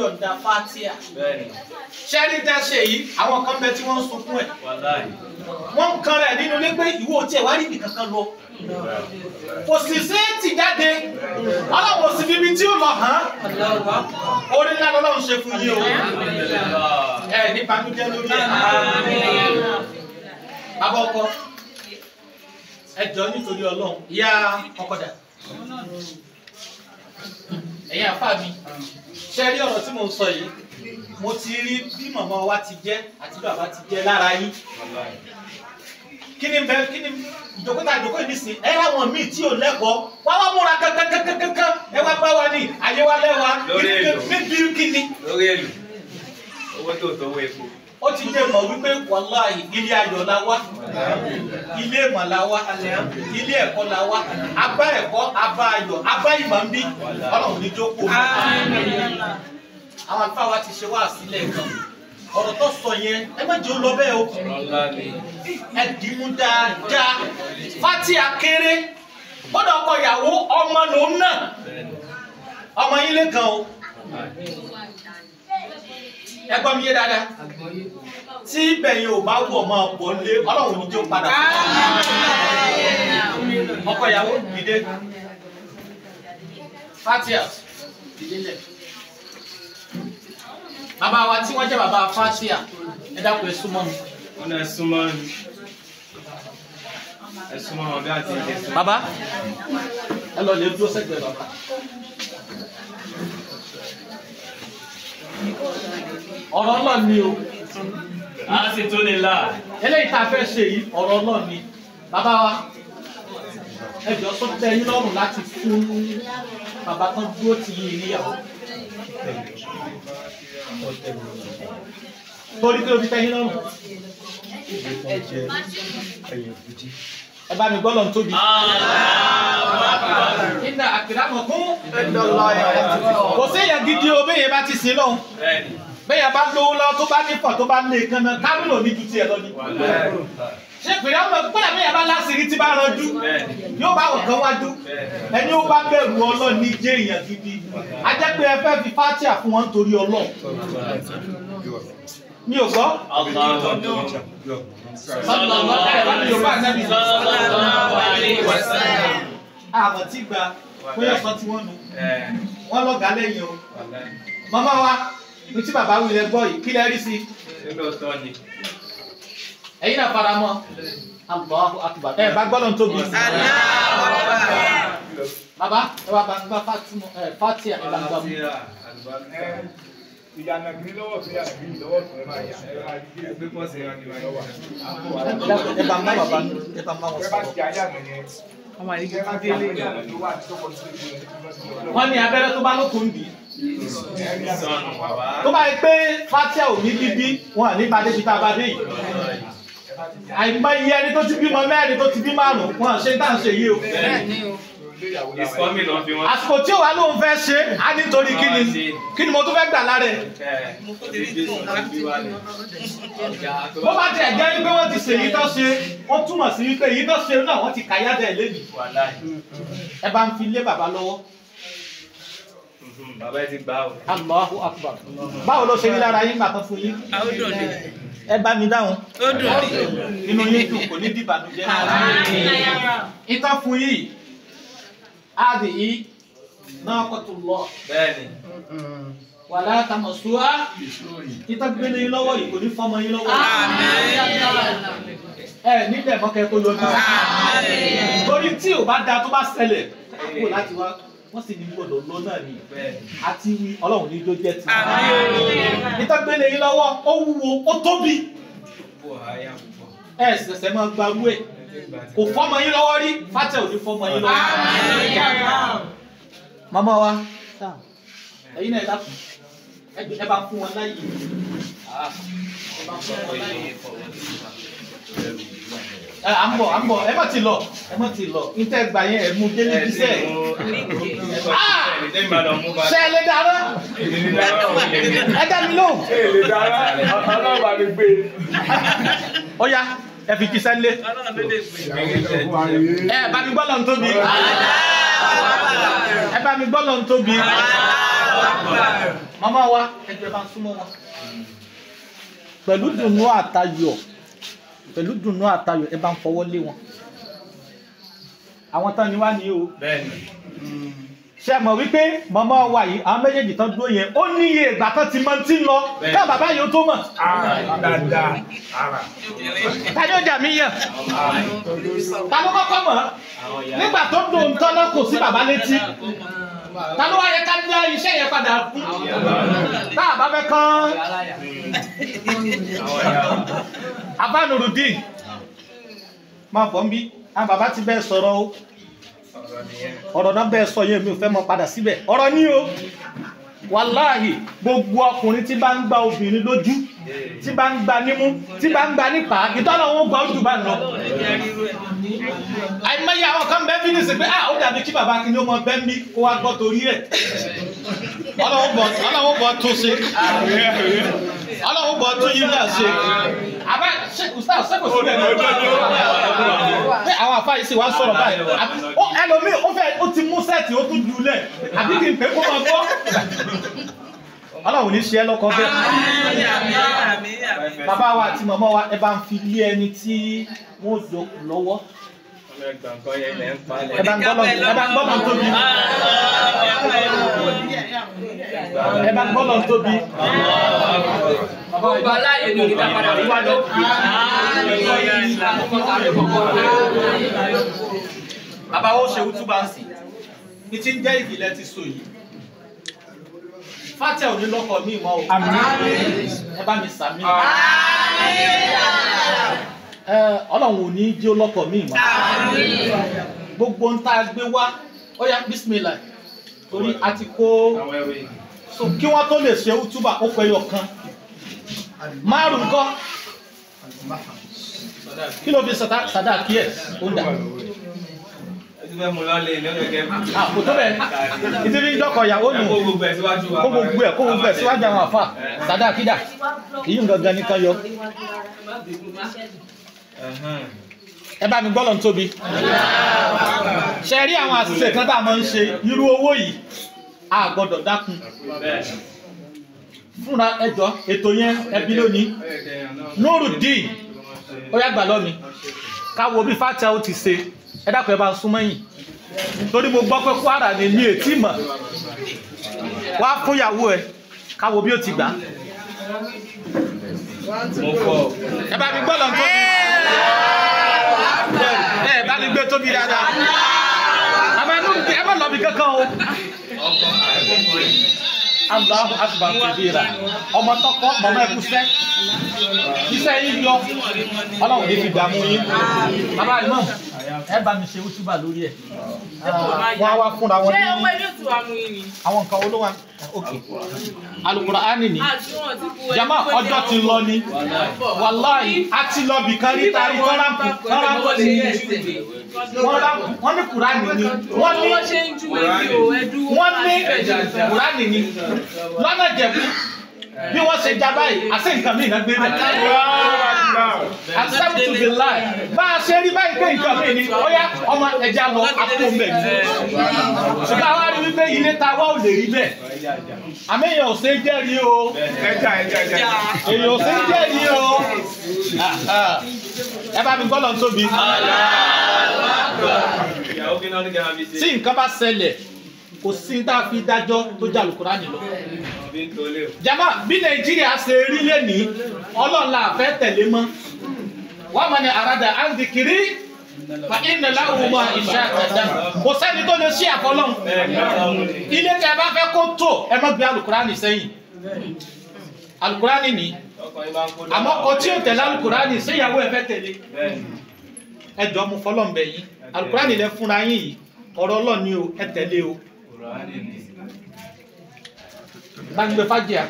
yọ̀ǹda fatia. ṣẹ́ni tẹ́ ṣe yìí àwọn kan bẹ tí wọ́n ń sunkún ẹ̀. wọ́n ń kan rẹ̀ nínú ilé pé ìwọ ò tiẹ̀ wá rí ibì kankan lọ. kò sì ṣe é tì jáde ọlọ́wọ́ sì fi ibi tí ó lọ hàn orí ńlá lọ́lọ́run ṣe fún yín o. ẹ ní banújẹ́ lórí ẹ̀. bàbá ọkọ nítorí Ọlọ́run ìyá ọkọ ẹ̀yin àfa mi ṣe rí ọ̀rọ̀ tí mò ń sọ yìí mo ti rí bí màmá wa ti jẹ́ àti bí bàbá ti jẹ́ lára yín kí ni bẹ kí ni ìjókòó tá a jókòó yìí sí ẹ láwọn míì tí ò lẹ́kọ̀ọ́ wá wá múra kankankankankan ẹ wá bá wa ní àyè wa lẹ́wà kí ni kí ni. lórí èlò owó tó tó owó epo ó ti jẹ́ mọ̀ wípé wàláì ilé ayọ̀ la wá ilé ìmọ̀ la wá ilé ẹ̀kọ́ la wá abá ẹ̀kọ́ abá ayọ̀ abá ìmọ̀ ń bí ọlọ́run ní jókòó. àwọn àlùfáà wa ti ṣe wá sílẹ̀ kan ọ̀rọ̀ tó sọ yẹn ẹ má jẹ́ ó lọ bẹ́ẹ̀ o ẹ dìímú dáadáa fati akéré gbọ́dọ̀ ọkọ ìyàwó ọmọ lòun náà ọmọ yín lé kan o ẹ gbọ́ mi yé dáadáa tí bẹ̀yìn ò bá wù ọmọ ọ̀pọ̀ lé ọlọ́run ní jẹ́ padà ọkọ ìyàwó dìde fatia dìde lẹ̀ bàbá wa tí wọ́n jẹ́ bàbá fatia ẹ dákun ẹ súnmọ́ mi. wọn náà súnmọ́ mi ẹ súnmọ́ wọn bí a ti bàbá ẹ lọ lè dúró sẹ́gbẹ̀ẹ́ bàbá ọ̀rọ̀ Ọlọ́run ni o. a sì tún ní là. eléyìí tá a fẹ́ ṣe yìí ọ̀rọ̀ Ọlọ́run ni bàbá wa ẹ jọ tó tẹ́ yín lọ́rùn láti fún bàbá kan dúró ti yí ìníyàwó. torí pé o fi tẹ́ yín lọ́rùn. Ẹ bá mi gbọ́ lọ́n tóbi. Iná àkìrá mọ̀ fún. Kò sí èèyàn gidi o, bẹ́ẹ̀ yẹn bá ti sin lọ́hùn bẹ́ẹ̀ bá lówó lọ́wọ́ tó bá nípọ̀ tó bá lé kan náà kámìlò ní ju tiẹ̀ lọ ni. ṣé pèrè ọmọ kúrẹ́ bẹ́ẹ̀ bá láṣìírí tí bá ranjú yóò bá wọ̀n kan wájú ẹni ó bá bẹ̀rù ọlọ́ọ̀ ní jẹ́ èèyàn gidi ajẹ́ pé ẹ fẹ́ fi fátíà fún wọn torí ọlọ́ọ̀ mi ò gbọ́. àmọ̀ tí gba bóyá sọ tí wọ́n nu wọ́n lọ́gàá lẹ́yìn o màmá wa ní tí bàbá wulẹ̀ gbọ́ yìí kí lẹ́ rí sí. ẹ̀yin náà fara mọ́ Allahu Akbar ẹ bá gbọ́dọ̀ tóbi. bàbá ẹ wá bá gba fatia ẹ bá ẹ bá ń bá wọ́n ní abẹ́rẹ́ tó bá lókun bì í tó bá yẹ pé fatia ò ní bíbí wọn à ní bá débi tá a bá dé yìí àìmọye ẹni tó ti bímọ mẹ́rin tó ti bí márùn wọn à ṣe ń tà ń ṣe yìí o. àsìkò tí òwa ló ń fẹ́ ṣe á nítorí kí ni kí ni mo tún fẹ́ gbà lára ẹ̀. bó bá tiẹ̀ jẹ́ pé wọ́n ti ṣe èyí tó ṣe wọ́n túmọ̀ sí wípé èyí tó ṣe náà wọ́n ti kàyájà ẹ̀ lẹ́yìn. ẹ bá ń fi lé bàbá lọ́wọ́ bàbá ẹ ti gbà o. Allahu akbar báwo ló ṣe rí lára yín gbàgbọ́ fún yín. a ó dùn ní. ẹ bá mi dáhùn. ó dùn ní. inú yín dùn kò ní dìbànújẹ́. ìtàn fún yìí áàdì yìí náà kò tún lọ. bẹ́ẹ̀ni. wàlá tamasuwa ìtàn gbélé yín lọ́wọ́ yìí kò ní fọmọ yín lọ́wọ́. ẹ nílẹ̀ mọ́kẹ́ kó lóyún. torí tí ò bá da tó bá ṣẹlẹ̀ kó láti wá wọ́n sì ní gbọ́dọ̀ lọ náà ni àti ọlọ́run ní ló jẹ́ ti wọn. ìtọ́gbélé yìí lọ́wọ́ ó wúwo ó tóbi. ẹ ṣẹ̀ṣẹ̀ máa gba owó ẹ̀ kò fọ́mọ yín lọ́wọ́ rí fátẹ̀ ò ní fọ́mọ yín lọ́wọ́. màmá wa ẹ̀yin náà dákun ẹ bá fún wọn láyè. Ah, ẹ bá fún wọn láyè à ń bọ̀ à ń bọ̀ ẹ má ti lọ ẹ má ti lọ n tẹ́ gbà yẹn ẹ mú délé bísẹ̀. Ah! ṣe é lè dára ẹ mi lóhùn. ṣe é lè dára ọlọ́run àmì gbé. ó yá ẹ fi kìsẹ́ lé. ẹ bá mi gbọ́ lọ́n tóbi. ẹ bá mi gbọ́ lọ́n tóbi. màmá wa ẹ jẹ́ bá ń súnmọ́ wa. pẹ̀lú pẹ̀lú dùnú àtayọ̀ ẹ bá ń fọwọ́ lé wọn. àwọn tán ni wá ní o. ṣe mọ̀ wípé màmá wa yìí àwọn méjèèjì tán dúró yẹn ó ní iye ìgbà tán ti máa ti lọ ká bàbá yìí ó tó mọ̀. dáadáa. ta jà mí yàn. ta ló kọ́kọ́ mọ̀ nígbà tó dùn tán kò sí bàbá létí ta wá yẹ ká dá iṣẹ́ yẹn padà fún tá a bá fẹ́ kán abánurudin máa bọ̀ ń bí àwọn bàbá ti bẹ́ẹ̀ sọ̀rọ̀ o ọ̀rọ̀ náà bẹ́ẹ̀ sọ yẹn mi ò fẹ́ mọ padà síbẹ̀ ọ̀rọ̀ ní o wàláhì gbogbo ọkùnrin tí bá ń gba obìnrin lójú tí bá ń gba nímú tí bá ń gba nípa ìtọ́lọ́wọ́ gba ojú bá ń lọ àìmọye àwọn kan bẹ́ẹ̀ bínú sí pé ah ó dàbí kí bàbá kìíní ó mọ bẹ́ẹ̀ mí kó wá gbọ́ torí rẹ̀ ọlọ́wọ́ bọ̀ tó ṣe ọlọ́wọ́ bọ̀ tó yín náà ṣe àbá ṣèkùsá ṣèkùsá bẹ́ẹ̀ ní ọjọ́ ọjọ́ pé àwọn àfáà yìí sì wá sọ̀rọ̀ báyìí ẹlòmíì ó fẹ́ ó ti mú sẹ́ẹ̀tì ó tún jù ú lẹ̀ àbí kì í pé kó máa gbọ́ ọlọ́run ní ṣe ẹ́ lọ́kọ bẹ́ẹ̀. bàbá wa àti màmá wa ẹ bá ń fi lé ẹni tí wọ́n dòkù lọ́wọ́. ẹ bá ń gbọ́ lọ́n tóbi. ẹ bá ń gbọ́ lọ́n tóbi. Ọba aláyè ni òní dápadà wí wá lọ. Bàbá wo ṣe wútúbà Ní ti ń jẹ́ ìdílé ti so yìí fátẹ̀ ò ní lọ́kọ̀ mi mọ́ o. àmín. ẹ bá mi sàmì. àmín. ẹ ọlọ́run ò ní jẹ́ ọlọ́kọ̀ mi mọ́. àmín. gbogbo ń tá a gbé wá ó yá bísímìlà torí a ti kó so kí wọ́n tó lè ṣe útúbà ó fẹ́ yọ kan márùn kọ́ kí ló fi sàdáàkì ẹ̀ ó dà. Ah, kò tó bẹ́ẹ̀ ìdí ní dọ́kọ̀ ìyàwó nù kó gbogbo ẹ̀ kó gbogbo ẹ̀ síwájú àwọn àfa sàdá àkídà kìí ń gangan nìkan yọ. ẹ bá mi gbọ́ lọ́n tóbi ṣe rí àwọn àṣìṣe kan tá a máa ń ṣe irú owó yìí a gbọ́dọ̀ dákun fúnra ẹjọ́ ètò yẹn ẹbí lónìí Nurudeen ó yàgbà lọ́mi káwo bí fàtẹ́ ó ti ṣe ẹ dákun ẹ bá súnmọ́ yìí torí mo gbọ́ pé Kwara ni mi ò tí mọ̀ wá fún ìyàwó ẹ káwo bí ó ti gbà ẹ bá mi gbọ́ lọ́n tó bí ẹ bá mi gbé tóbi dáadáa ẹ má lọ bí kankan o. Allahu akbar kibira. Ọmọ tọkọ mọ̀mọ́ ẹ̀kú sẹ́. Iṣẹ́ yìí lọ. Ọlọ́run ní fi dààmú yín. Bàbá àlùmọ́ ẹ bá mi ṣe wútúbà lórí ẹ̀. wọ́n á wá fúnra wọn ní. ṣé owó ẹni òtún àmú yìí ni. àwọn nǹkan olówó òkè Al-Qur'ani ni ah, jama ọjọ́ ti lọ ni wàláì a ti lọ bì kárí tari tọ́lámpù tọ́lámpù ti ní wọ́n ní kùránì ni wọ́n ní wọ́n ní kùránì ni lọ́nà bí wọ́n ṣe já báyìí nǹkan mìíràn gbé accept to be lie bá a ṣe rí báyìí pé nǹkan mi ni ọ̀yá ọmọ ẹja lọ àpò mbẹ̀ ṣùgbọ́n àwa rí wípé ilé ta wá ò lè rí bẹ́ẹ̀ àmì èèyàn ò ṣe é jẹ́rìí o èèyàn ò ṣe é jẹ́rìí o ẹ bá mi gbọ́dọ̀ tóbi tí nǹkan bá ṣẹlẹ̀ kò sí tá a fi dájọ́ tó jà lùkúrá nìlọ jama bí nàìjíríà ṣe rí lẹ́nìí ọlọ́ọ̀la àfẹ́ tẹ̀lé mọ́ wọ́n mọ̀ ní àràdà àǹdìkìrí fa iná láwùjọ mọ ìṣe àtàdá kò sẹ́ni tó lè ṣí àfọlọ́hún ilé tí a bá fẹ́ kó tó ẹ má gbé alukurani sẹ́yìn alukurani ni àmọ́ kò tí ò tẹ̀lé alukurani séyàwó ẹ fẹ́ tẹ̀lé ẹ jọ mo fọlọ́ǹbẹ̀ yìí alukurani lẹ fúnra yín yìí ọ̀rọ̀ ọlọ́ọ̀ni o ẹ tẹ̀lé o gbàgbé fàjìyà.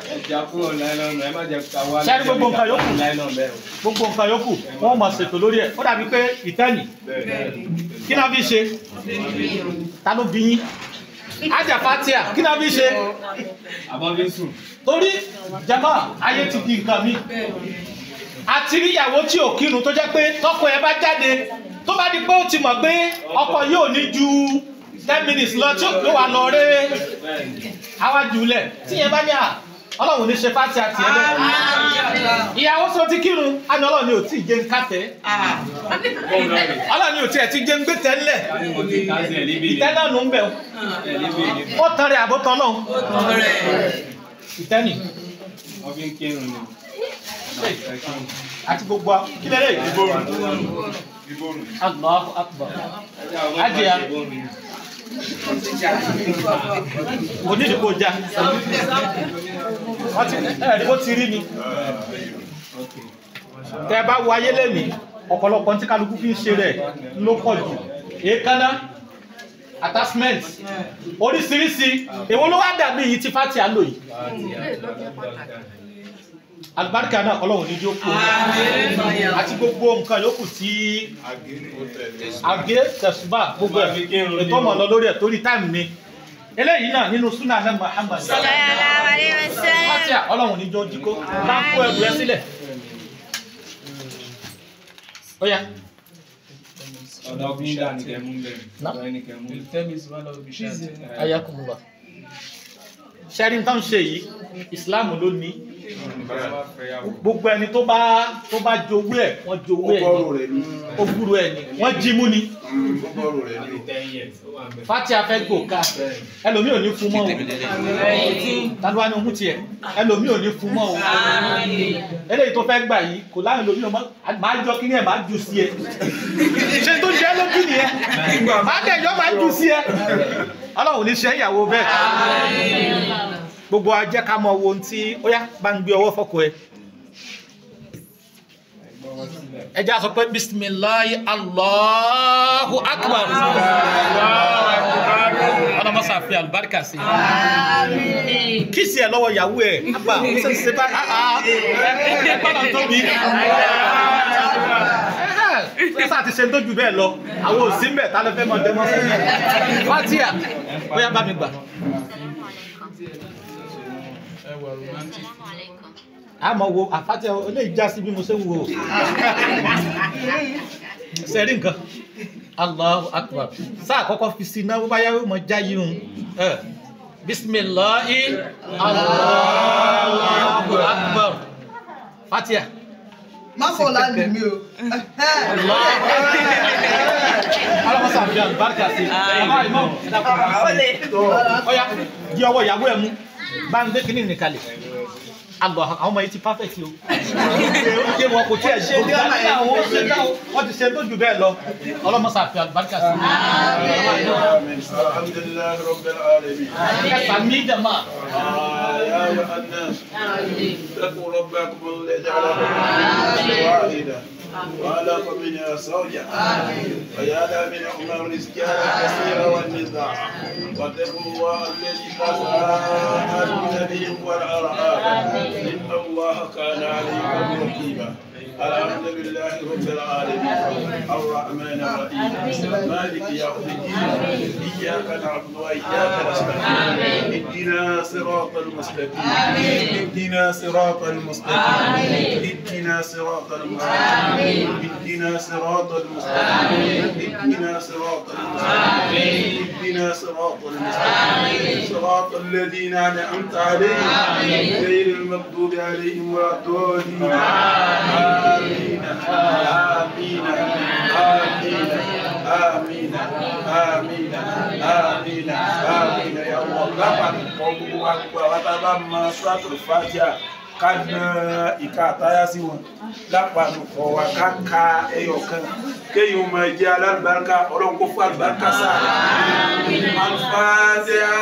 sẹ́ni gbogbo nǹkan yòókù gbogbo nǹkan yòókù wọ́n mọ̀ ṣètò lórí ẹ̀ ó dàbí pé ìtẹ́ni kí náà fi ṣe ta ló bí yín ajapatia kí náà fi ṣe torí jama ayé ti di nǹkan mi àti ríyàwó tí ò kírun tó jẹ́ pé tọkọ ẹ bá jáde tó bá di pé ó ti mọ̀ pé ọkọ yóò ní ju ten minutes lọ tí yóò wá lọ rere àwa jùlẹ̀ tí yẹn bá ní à ọlọ́run ní ṣe fásitì àti ẹ̀ ìyàwó sọ ti kírun àná ọlọ́run ni ò tí ì jẹun kàtẹ́. ọlọ́run ni ò tí ẹ̀ jẹun gbé tẹ́lẹ̀. ìtẹ́ ń bẹ̀ o. ó tán rẹ̀ àbó tán náà. àti gbogbo a kí lẹ́lẹ́ ìgbòrò. Allahu akbar mo ní ìdìbò já ẹ̀ẹ́dìbò ti rí mi tẹ́ bá wo ayé lẹ́nìí ọ̀pọ̀lọpọ̀ tí kálukú fi ń ṣe rẹ̀ ló pọ̀ jù èékánná attachment oríṣiríṣi èwo ló wá dàbí yìí tí fati àlò yìí alibarika náà ọlọ́run ní jókòó àti gbogbo nǹkan yòókù tí àgé tẹ̀sùbà gbogbo ẹ̀ ètò ọmọ lọ lórí ẹ̀ torí táìmù mi eléyìí náà nínú súnà náà Muhammad fatia ọlọ́run ní jókòó jíkó bá kó ẹrù ẹ sílẹ̀ ọ̀ya. ọ̀dà obìnrin tán ṣe yìí islam ló ní gbogbo ẹni tó bá tó bá jowó ẹ wọ́n jowó ẹ ní ó gbúrò ẹ ní wọ́n jí mú ni fati afẹgbò ká ẹlòmí ò ní fún mọ́ o tàbí ní ohun tiẹ̀ ẹlòmí ò ní fún mọ́ o eléyìí tó fẹ́ gbà yìí kò láàrin lòmí ọmọ máa jọ kí ni ẹ máa jù sí ẹ ṣe tó jẹ lókì nìyẹn máa tẹjọ máa jù sí ẹ Ọlọ́run ní ṣe ìyàwó bẹ́ẹ̀ gbogbo ajẹ́ ká mọ wo tí ó yá bá ń gbé ọwọ́ fọ́kọ ẹ. ẹ jẹ́ àsọ pé bisimilayi allahu akbar ọlọmọ sàfihàn alibarika sí i kìsì ẹ lọ́wọ́ yahoo ẹ àgbà ṣe ṣe bá ẹ ẹ padà tóbi nígbà tí ṣe ń tójú bẹ́ẹ̀ lọ àwọn òsínbẹ̀ tá ló fẹ́ mọ dẹ́mọ́sí bẹ́ẹ̀ wá tíyà bóyá bá mi gbà àmọ́ wo àfàtẹ eléyìí já sí bí mo ṣe ń wo sẹ́rí nǹkan Allahu Akbar sáà kọ́kọ́ fi sí iná bóbá yáwó mọ̀ já yìí hùn bisimilahi Allahu Akbar fatia. má fọ láàánú mi o. alamasa fi àlùbáríkà sí i. ọ̀ya di ọwọ́ ìyàwó ẹ̀ mú bá ń gbé kínní ní kalẹ̀ àgbà àwọn ọmọ yìí ti perfect o ṣe wọn kò tí ẹ ṣe dé ọmọ ẹ̀yìn wọn ṣe dá wọn ti ṣe tó jù bẹ́ẹ̀ lọ ọlọ́mọ sàfihàn àlùbáríkà sí i. kẹta mi dama. اتقوا ربكم الذي جعل لكم واحده وألق منها زوجها من عمر رزقها كثيرا والنزاع واتقوا الله الذي تساءلون به والأرحام إن الله كان عليكم رقيبا الحمد لله رب العالمين الرحمن الرحيم مالك يوم الدين إياك نعبد وإياك نستعين اهدنا صراط المستقيم اهدنا صراط المستقيم اهدنا صراط المستقيم اهدنا صراط المستقيم اهدنا صراط المستقيم اهدنا صراط المستقيم صراط الذين انعمت عليهم غير المغضوب عليهم ولا الضالين آمين آمين آمين àmìnà àmìnà àmìnà àmìnà ya Allah lápàdé kọ gbogbo wa gbogbo àwọn tá a bá mọ suratul Fatiha ká na ìka àtayá sí wọn lápàdé kọ wa ká ka ẹyọ kan kéèyàn máa jẹ alárùbáríkà ọlọ́run kó fún alùbáríkà sáà. Al-Fatiha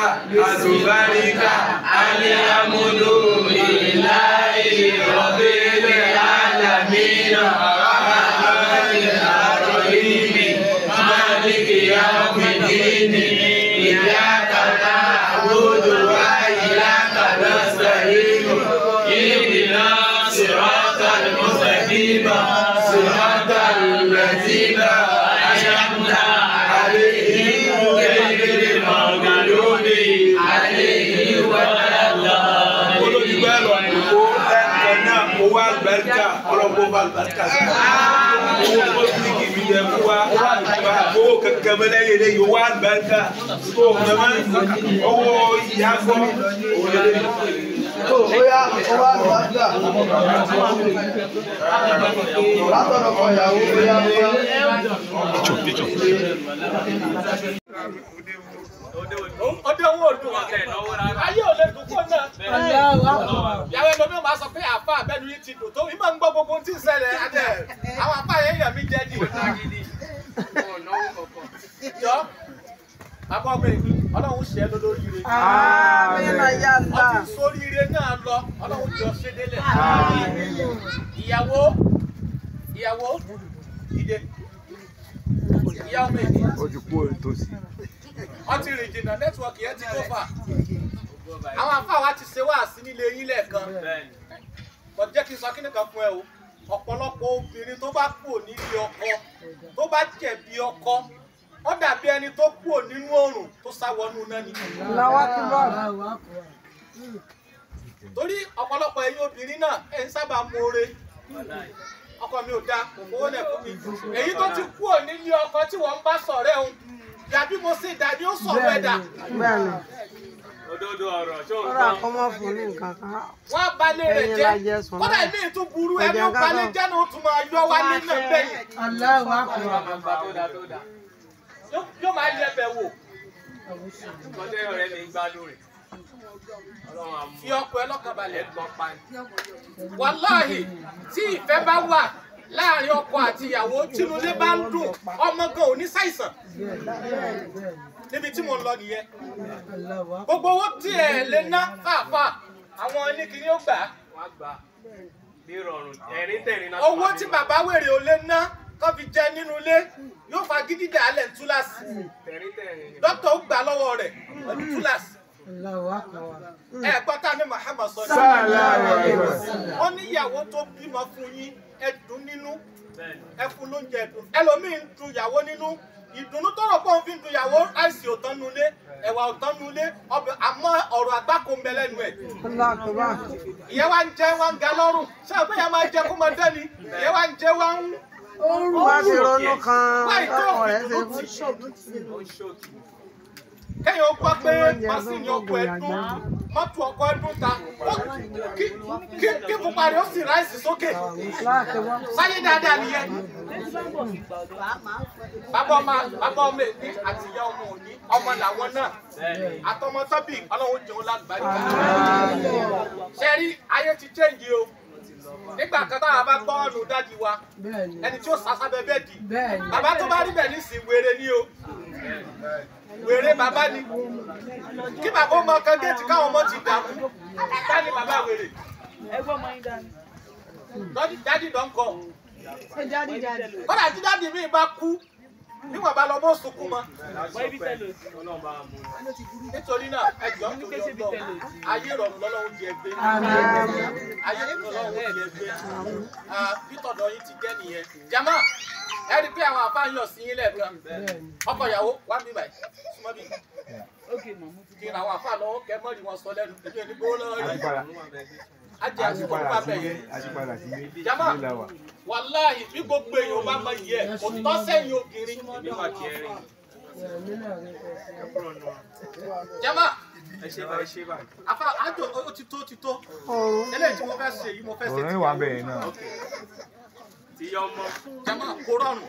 alùbáríkà alihamudu lillahi rabbil alamina. owó pọ́lítìkì mi lẹ fún wa owó kankan mẹ́lẹ́ yẹlẹ yìí owó àgbàǹkà tó mẹ́mẹ́ owó ìyàgbọ́ owó yẹlẹ yìí. tó bóyá owó àgbàǹkà látọ̀dọ̀ kọ̀yàwó bóyá bóyá àwọn òdùn ayé ò lè dùn fún náà. yàrá ẹlòmíì máa sọ pé àfa àbẹ́nu yìí ti dùn tó ìmọ̀ ń gbọ́ gbogbo ohun tí ń ṣẹlẹ̀ àtẹ àwọn àfa yẹn yàn mí jẹ́ ni. jọ abọ́gbé ọlọ́run ṣe é lórí ire. ọtí sórí ire náà lọ ọlọ́run jọ ṣe délẹ̀. ìyàwó ìyàwó dìde ìyàwó mi. ojú kú òtòsí wọ́n ti rìn jìnnà nẹ́tíwọ́ọ̀kì yẹn ti kó fà àwọn àfáà wa ti ṣe wáàsí nílé yín lẹ́ẹ̀kan kò jẹ́ kí n sọ kí nìkan fún ẹ o ọ̀pọ̀lọpọ̀ obìnrin tó bá kúrò nílé ọkọ tó bá jẹ̀bi ọkọ ó dàbí ẹni tó kúrò nínú oòrùn tó sá wọnú náà ni. torí ọ̀pọ̀lọpọ̀ ẹ̀yin obìnrin náà ẹ̀ ń sábà mọ̀ọ́re ọkọ mi ò dáa kò fowó lẹ̀ fún mi èyí tó ti kúrò nílé ọkọ tí wọ́n bá ṣọ̀rẹ́ òun dàbí mo ṣe dàbí ó sọ wẹ́dà. òdodo ọ̀rọ̀ ṣó ń gbọ́. ọ̀rọ̀ àkọ́mọ́ fún ní nǹkan kan. wọ́n balẹ̀ rẹ̀ jẹ́ kódà ilé ètò burú ẹni ó balẹ̀ jẹ́ náà ó tún máa yọ wá nínú bẹ́ẹ̀. aláwọ̀ àkùrọ̀ yóò máa yẹ bẹ̀ wò. ọdẹ ọ̀rẹ́ mi gbádùn rẹ̀ fi ọkọ ẹ lọ́kàn balẹ̀ gbọ pa ni wàláhì tí ìfẹ́ bá wà láàrin ọkọ àti ìyàwó tínúlé bá ń dùn ọmọ gan ò ní ṣàìsàn níbi tí mo ń lọ nìyẹn gbogbo owó tí ẹ lè ná fàáfàá àwọn oníkìní ó gbà á owó tí bàbá wèrè ò lè ná tó fi jẹ nínú ilé yóò fa gidi dàálẹ̀ túláàsì dókítà ó gbà lọ́wọ́ rẹ̀ túláàsì ẹ gbọ́tà ní Muhammad sọ́dọ̀ ó níyàwó tó bímọ fún yín ẹ dùn nínú ẹ fún lóúnjẹ ẹdùn ẹlòmíín ń dùn ìyàwó nínú ìdùnnú tọrọ pọ̀ ń fi dùn ìyàwó àìsí òtán nulẹ̀ ẹ̀wà òtán nulẹ̀ ọbẹ̀ àmọ́ ọ̀rọ̀ àgbákò ń bẹ lẹ́nu ẹ̀. ìyẹn wá ń jẹ wá ń ga lọ́rùn ṣé àgbẹ̀ yẹn máa jẹ kó máa dẹ́ ni ìyẹn wá ń jẹ wá ń. ó ń wá sí ronú kan kẹ́yìn ó gbọ́ pé mọ́sìnì oko ẹ̀dún mọ́tò ọkọ̀ ẹ̀dún ta kí pupa rẹ̀ ó sì ráìsì sókè sáyé dáadáa nìyẹn. bàbá ọmọ bàbá ọmọ èmi àti ìyá ọmọ òní ọmọ làwọn náà àtọmọ tọ́bì ọlọ́run jẹun lálùbáríkà. ṣe rí ayé ti chẹ́ǹgì o nígbà kan táwa bá gbọ́ ọ̀nù dádì wa ẹni tí ó sásábẹ́ bẹ́ẹ̀ di bàbá tó bá rí bẹ́ẹ̀ ní ìsìn wéré ni o wèrè bàbá ni kí bàbá ó mọ kan géètì káwọn ọmọ ti dààmú ta ni bàbá wèrè. ẹgbẹ́ ọmọ yín dání. tí dádì mi bá kú níwọ̀n bá lọ bó sunkún mọ́. nítorí náà ẹjọ́ nítorí ọgbọ́n ayé ìrọ̀rùn lọ́lọ́run jẹ gbé ayé ìrọ̀rùn lọ́lọ́run jẹ gbé bítọ̀dọ̀ yín ti jẹ́ nìyẹn. jama ẹ rí i pé àwọn àbá yàn sí yín lẹ́ẹ̀kan ìyàwó wà mí báyìí súnmọ́ bí. kí ni àwọn àbá lọ́wọ́ kẹ́ mọ́rin wọn sọ lẹ́nu ìgbẹ́ nígbó lọ́wọ́ rí ajẹ́ àsìkò nípa bẹ̀yẹ. jama wàláhì bí gbogbo èèyàn bá máa yẹ òtítọ́ sẹ́yìn obìnrin èmi máa jẹ ẹ́ rìn. jama afa ajo o ti tó o ti tó oh. eléyìí tí mo fẹ́ ṣe yìí mo fẹ́ ṣe ti yàwó ìyá ọmọ jama kò rọrùn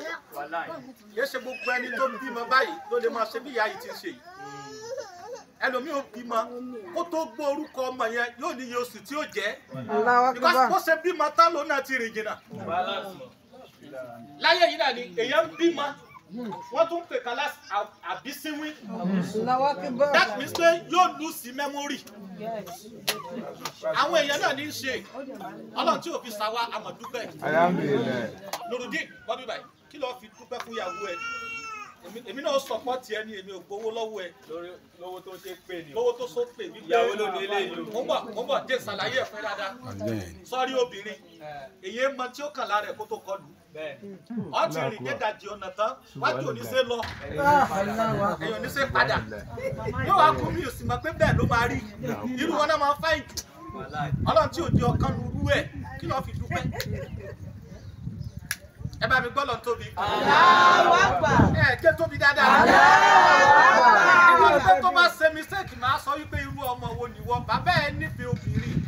yẹ ṣe gbogbo ẹni tó bímọ báyìí ló lè máa ṣe bí ìyá yìí ti ṣe yìí ẹlòmíì ò bímọ kó tó gbọ́ orúkọ ọmọ yẹn yóò níye oṣù tí ó jẹ́ because bó ṣe bímọ tá ló náà ti rìn jìnnà láyé yìí náà ni èèyàn ń bímọ wọ́n tún pè kálá àbísínwín that means pé yóò lose memory àwọn èèyàn náà ní í ṣe ọlọ́run tí ò fi sá wa àmọ̀dúpẹ́ lòdùdí bọ́bí báyìí kí lọ́ọ́ fi dúpẹ́ fún ìyàwó ẹ èmi náà sọpọ́tì ẹ ni, èmi ò gbowó lọ́wọ́ ẹ. lọ́wọ́ tó ṣe pè ní. lọ́wọ́ tó so pè mí pé ìyàwó ló ní ilé ìlú. mo ń bọ̀ mo ń bọ̀ dé ṣàlàyé ẹ̀ fún ẹ dáadáa. sọ́rí obìnrin eh. èyí mọ tí ó kàn lára ẹ̀ kó tó kọlù. wọ́n ti rìn dé dajì ọ̀nà tán wájú oníṣe lọ èyí ah, oníṣe padà. yóò wá kú mi ò sì mọ̀ pé bẹ́ẹ̀ ló máa rí irú wọn náà máa fáìn ọlọ́run tí ò di ọkàn lu rú ẹ̀ kí lọ́ọ́ fi dúpẹ́ ẹ bá mi gbọ́ lọ tóbi. aláwọ̀ àgbà. ẹ jẹ́ tóbi dáadáa. aláwọ̀ àgbà. ìwọ ni pé tó bá ṣe mistake máa sọ wípé irú ọmọ wo nìwọ bàbá ẹ nífẹ̀ẹ́ obìnrin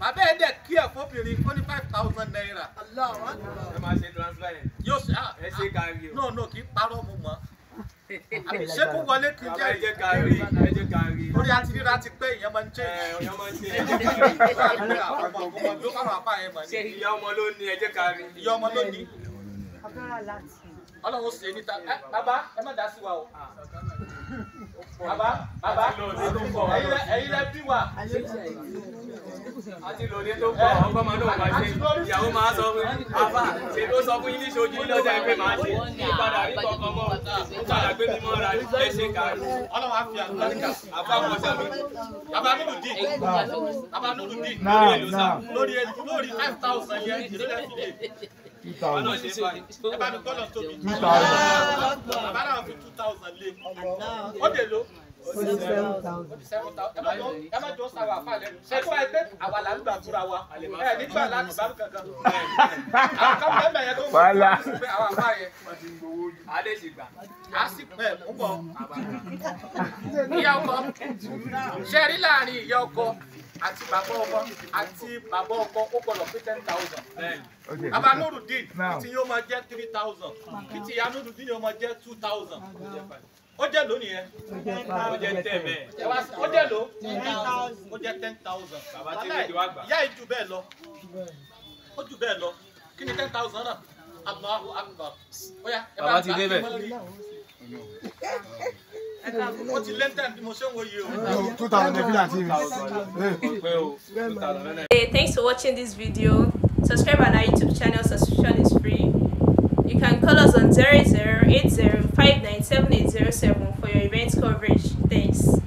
bàbá ẹ dẹ̀ kí ẹ̀ fóbìnrin ó ní five thousand naira. aláwọ̀ àgbà. ẹ máa ṣe transfer yẹn. yóò ṣe ah, ẹ ṣe ah, o. no no kì í parọ́ mu mọ́ ṣé kó wọlé kí n jẹ́ ẹ̀jẹ̀ gàrí ẹ̀jẹ̀ gàrí orí àtìríra ti pé ìyẹn máa ń jẹ́ ìyẹn máa ń jẹ́ ẹ̀jẹ̀ gàrí ọmọ ọmọ ló káwọn apá yẹn mọ̀ ní. ìyá ọmọ ló ní ẹ̀jẹ̀ gàrí. ìyá ọmọ ló ní. ọlọ́run sì ní ta bàbá ẹ má dá sí wa o. Ah, bàbá bàbá ẹ̀yin lẹ bí wa àti lòdì tó pọ̀ ọkọ máa náà máa ṣe ìyàwó máa sọ fún afá ṣe ó sọ fún yíníṣẹ́ ojú yín lọ́jà ẹgbẹ́ máa ṣe ìpadà rí kankan mọ́ ìpadà gbé mímọ́ ra ẹ ṣe kàrí. ọlọ́wọ́ á fi àlùbáríkà àbáwọ̀ ọ̀sẹ̀ mi abanulu di abanulu di lórí èlò sá lórí lórí five thousand yẹn ìdílé fi lè. Two thousand ẹ má jọ sáwà fún alẹ́ ṣé fún ẹgbẹ́ àwa là ń gbà fúnra wa ẹ nígbà láti bá kankan àwọn kan bẹ́ẹ̀ bẹ̀yẹ tó ń bọ̀ pé àwa àfa yẹ alẹ́ sì gbà á sì pẹ́ ń bọ̀ ìyá ọkọ ṣe rí láàrin ìyá ọkọ àti bàbá ọkọ àti bàbá ọkọ ó gbọ́dọ̀ pé ten thousand bàbá nurudin kìtì yóò máa jẹ́ three thousand kìtì ìyá nurudin yóò máa jẹ́ two thousand ó ló nìyẹn ó jẹ́ ten bẹ́ẹ̀ ló ó ten thousand aláì yá ìjù bẹ́ẹ̀ lọ ó jù bẹ́ẹ̀ lọ kí ni ten thousand náà Allahu Akbar ó yá ẹ bá ti dé bẹ́ẹ̀ ti lẹ́ńtẹ̀ bí mo ṣe ń wo eh. o. two thousand ẹbí àti mi. Hey, thanks for watching this video. Subscribe on our YouTube channel. Subscription is free. You can call us on zero zero eight zero. 787807 for your event coverage. Thanks.